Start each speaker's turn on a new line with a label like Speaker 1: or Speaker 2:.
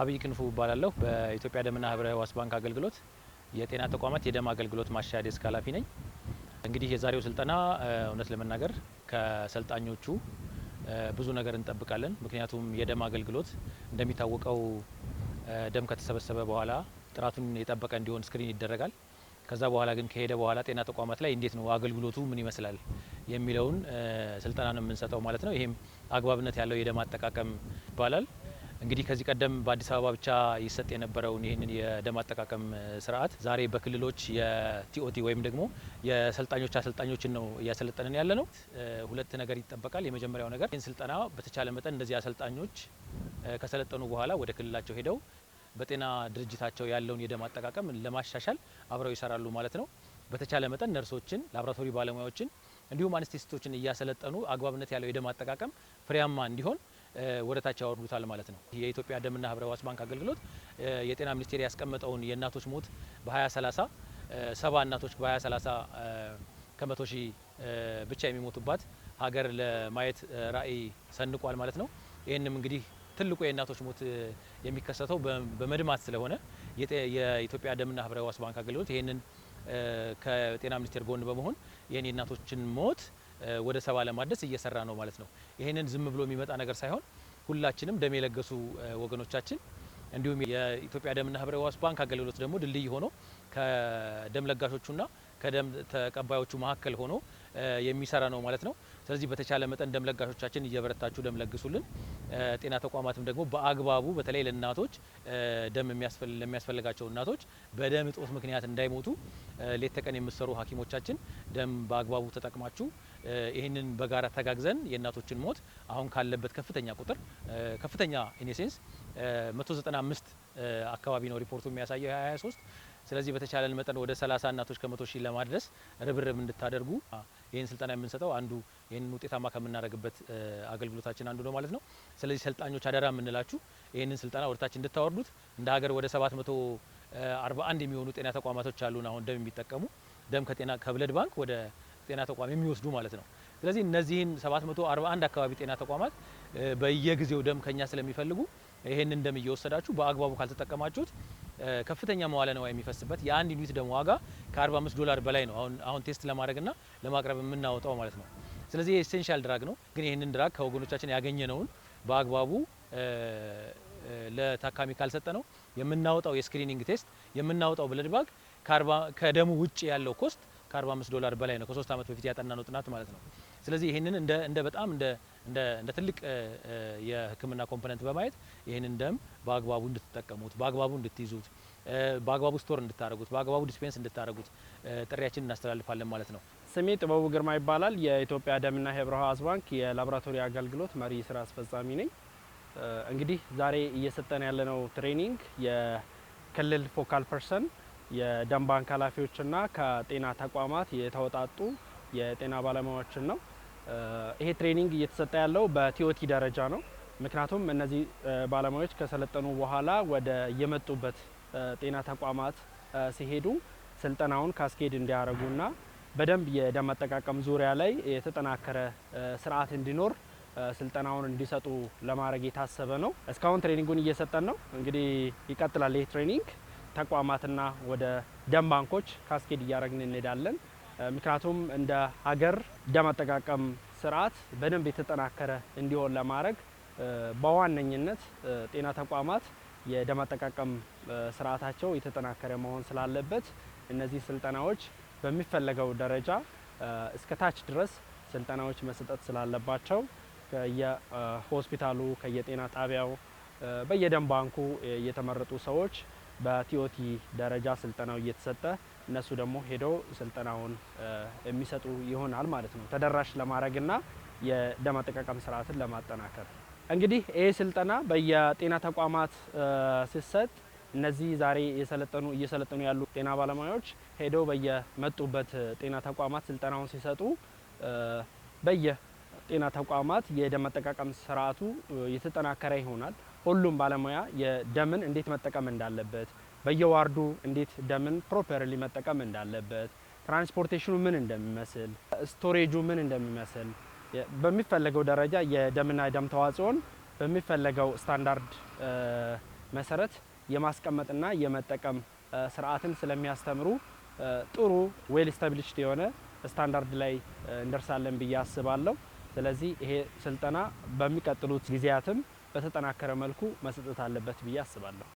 Speaker 1: አብይ ክንፉ እባላለሁ። በኢትዮጵያ ደምና ህብረ ህዋስ ባንክ አገልግሎት የጤና ተቋማት የደም አገልግሎት ማሻሻያ ዴስክ ኃላፊ ነኝ። እንግዲህ የዛሬው ስልጠና እውነት ለመናገር ከሰልጣኞቹ ብዙ ነገር እንጠብቃለን። ምክንያቱም የደም አገልግሎት እንደሚታወቀው ደም ከተሰበሰበ በኋላ ጥራቱን የጠበቀ እንዲሆን ስክሪን ይደረጋል። ከዛ በኋላ ግን ከሄደ በኋላ ጤና ተቋማት ላይ እንዴት ነው አገልግሎቱ ምን ይመስላል የሚለውን ስልጠና ነው የምንሰጠው ማለት ነው። ይሄም አግባብነት ያለው የደም አጠቃቀም ይባላል። እንግዲህ ከዚህ ቀደም በአዲስ አበባ ብቻ ይሰጥ የነበረውን ይህንን የደም አጠቃቀም ስርዓት ዛሬ በክልሎች የቲኦቲ ወይም ደግሞ የሰልጣኞች አሰልጣኞችን ነው እያሰለጠንን ያለ ነው። ሁለት ነገር ይጠበቃል። የመጀመሪያው ነገር ይህን ስልጠና በተቻለ መጠን እነዚህ አሰልጣኞች ከሰለጠኑ በኋላ ወደ ክልላቸው ሄደው በጤና ድርጅታቸው ያለውን የደም አጠቃቀም ለማሻሻል አብረው ይሰራሉ ማለት ነው። በተቻለ መጠን ነርሶችን፣ ላብራቶሪ ባለሙያዎችን እንዲሁም አንስቴሲስቶችን እያሰለጠኑ አግባብነት ያለው የደም አጠቃቀም ፍሬያማ እንዲሆን ወደ ታች ያወርዱታል ማለት ነው። የኢትዮጵያ ደምና ህብረ ህዋስ ባንክ አገልግሎት የጤና ሚኒስቴር ያስቀመጠውን የእናቶች ሞት በ2030 ሰባ እናቶች በ2030 ከመቶ ሺህ ብቻ የሚሞቱባት ሀገር ለማየት ራዕይ ሰንቋል ማለት ነው። ይህንም እንግዲህ ትልቁ የእናቶች ሞት የሚከሰተው በመድማት ስለሆነ የኢትዮጵያ ደምና ህብረ ህዋስ ባንክ አገልግሎት ይህንን ከጤና ሚኒስቴር ጎን በመሆን ይህን የእናቶችን ሞት ወደ ሰባ ለማድረስ እየሰራ ነው ማለት ነው። ይህንን ዝም ብሎ የሚመጣ ነገር ሳይሆን ሁላችንም ደም የለገሱ ወገኖቻችን እንዲሁም የኢትዮጵያ ደምና ህብረ ህዋስ ባንክ አገልግሎት ደግሞ ድልድይ ሆኖ ከደም ለጋሾቹና ከደም ተቀባዮቹ መካከል ሆኖ የሚሰራ ነው ማለት ነው። ስለዚህ በተቻለ መጠን ደም ለጋሾቻችን እየበረታችሁ ደም ለግሱልን። ጤና ተቋማትም ደግሞ በአግባቡ በተለይ ለእናቶች ደም ለሚያስፈልጋቸው እናቶች በደም እጦት ምክንያት እንዳይሞቱ ሌት ተቀን የምትሰሩ ሐኪሞቻችን ደም በአግባቡ ተጠቅማችሁ ይህንን በጋራ ተጋግዘን የእናቶችን ሞት አሁን ካለበት ከፍተኛ ቁጥር ከፍተኛ ኢኔሴንስ 195 አካባቢ ነው ሪፖርቱ የሚያሳየው 23 ስለዚህ በተቻለን መጠን ወደ 30 እናቶች ከመቶ ሺህ ለማድረስ ርብርብ እንድታደርጉ ይህን ስልጠና የምንሰጠው አንዱ ይህንን ውጤታማ ከምናደርግበት አገልግሎታችን አንዱ ነው ማለት ነው። ስለዚህ ሰልጣኞች አደራ የምንላችሁ ይህንን ስልጠና ወደታች እንድታወርዱት እንደ ሀገር ወደ 741 የሚሆኑ ጤና ተቋማቶች አሉን አሁን ደም የሚጠቀሙ ደም ከጤና ከብለድ ባንክ ወደ ጤና ተቋም የሚወስዱ ማለት ነው። ስለዚህ እነዚህን 741 አካባቢ ጤና ተቋማት በየጊዜው ደም ከኛ ስለሚፈልጉ ይሄንን ደም እየወሰዳችሁ በአግባቡ ካልተጠቀማችሁት ከፍተኛ መዋለ ንዋይ የሚፈስበት የአንድ ዩኒት ደም ዋጋ ከ45 ዶላር በላይ ነው። አሁን አሁን ቴስት ለማድረግና ለማቅረብ የምናወጣው ማለት ነው። ስለዚህ የኤሴንሻል ድራግ ነው። ግን ይህንን ድራግ ከወገኖቻችን ያገኘነውን በአግባቡ ለታካሚ ካልሰጠ ነው የምናወጣው የስክሪኒንግ ቴስት የምናወጣው ብለድ ከደሙ ውጭ ያለው ኮስት ከ45 ዶላር በላይ ነው። ከሶስት ዓመት በፊት ያጠናነው ጥናት ማለት ነው። ስለዚህ ይህንን እንደ በጣም እንደ ትልቅ የህክምና ኮምፖነንት በማየት ይህንን ደም በአግባቡ እንድትጠቀሙት፣ በአግባቡ እንድትይዙት፣ በአግባቡ ስቶር እንድታደርጉት፣ በአግባቡ ዲስፔንስ እንድታደርጉት ጥሪያችን እናስተላልፋለን ማለት ነው።
Speaker 2: ስሜ ጥበቡ ግርማ ይባላል። የኢትዮጵያ ደምና ህብረ ህዋስ ባንክ የላቦራቶሪ አገልግሎት መሪ ስራ አስፈጻሚ ነኝ። እንግዲህ ዛሬ እየሰጠን ያለነው ትሬኒንግ የክልል ፎካል ፐርሰን የደም ባንክ ኃላፊዎችና ከጤና ተቋማት የተወጣጡ የጤና ባለሙያዎችን ነው። ይሄ ትሬኒንግ እየተሰጠ ያለው በቲኦቲ ደረጃ ነው። ምክንያቱም እነዚህ ባለሙያዎች ከሰለጠኑ በኋላ ወደ የመጡበት ጤና ተቋማት ሲሄዱ ስልጠናውን ካስኬድ እንዲያደርጉና በደንብ የደም አጠቃቀም ዙሪያ ላይ የተጠናከረ ስርዓት እንዲኖር ስልጠናውን እንዲሰጡ ለማድረግ የታሰበ ነው። እስካሁን ትሬኒንጉን እየሰጠን ነው። እንግዲህ ይቀጥላል ይህ ትሬኒንግ ተቋማትና ወደ ደም ባንኮች ካስኬድ እያደረግን እንሄዳለን። ምክንያቱም እንደ ሀገር ደም አጠቃቀም ስርዓት በደንብ የተጠናከረ እንዲሆን ለማድረግ በዋነኝነት ጤና ተቋማት የደም አጠቃቀም ስርዓታቸው የተጠናከረ መሆን ስላለበት እነዚህ ስልጠናዎች በሚፈለገው ደረጃ እስከ ታች ድረስ ስልጠናዎች መሰጠት ስላለባቸው ከየሆስፒታሉ ከየጤና ጣቢያው በየደን ባንኩ የተመረጡ ሰዎች በቲኦቲ ደረጃ ስልጠናው እየተሰጠ እነሱ ደግሞ ሄደው ስልጠናውን የሚሰጡ ይሆናል ማለት ነው። ተደራሽ ለማድረግና የደም አጠቃቀም ስርዓትን ለማጠናከር
Speaker 3: እንግዲህ ይሄ ስልጠና በየጤና ተቋማት ሲሰጥ እነዚህ ዛሬ የሰለጠኑ እየሰለጠኑ ያሉ ጤና ባለሙያዎች ሄደው በየመጡበት ጤና ተቋማት ስልጠናውን ሲሰጡ በየጤና ተቋማት የደም አጠቃቀም ስርዓቱ የተጠናከረ ይሆናል። ሁሉም ባለሙያ የደምን እንዴት መጠቀም እንዳለበት በየዋርዱ እንዴት ደምን ፕሮፐርሊ መጠቀም እንዳለበት ትራንስፖርቴሽኑ ምን እንደሚመስል ስቶሬጁ ምን እንደሚመስል በሚፈለገው ደረጃ የደምና የደም ተዋጽኦን በሚፈለገው ስታንዳርድ መሰረት የማስቀመጥና የመጠቀም ስርዓትን ስለሚያስተምሩ ጥሩ ዌል ስታብሊሽድ የሆነ ስታንዳርድ ላይ እንደርሳለን ብዬ አስባለሁ። ስለዚህ ይሄ ስልጠና በሚቀጥሉት ጊዜያትም በተጠናከረ መልኩ መሰጠት አለበት ብዬ አስባለሁ።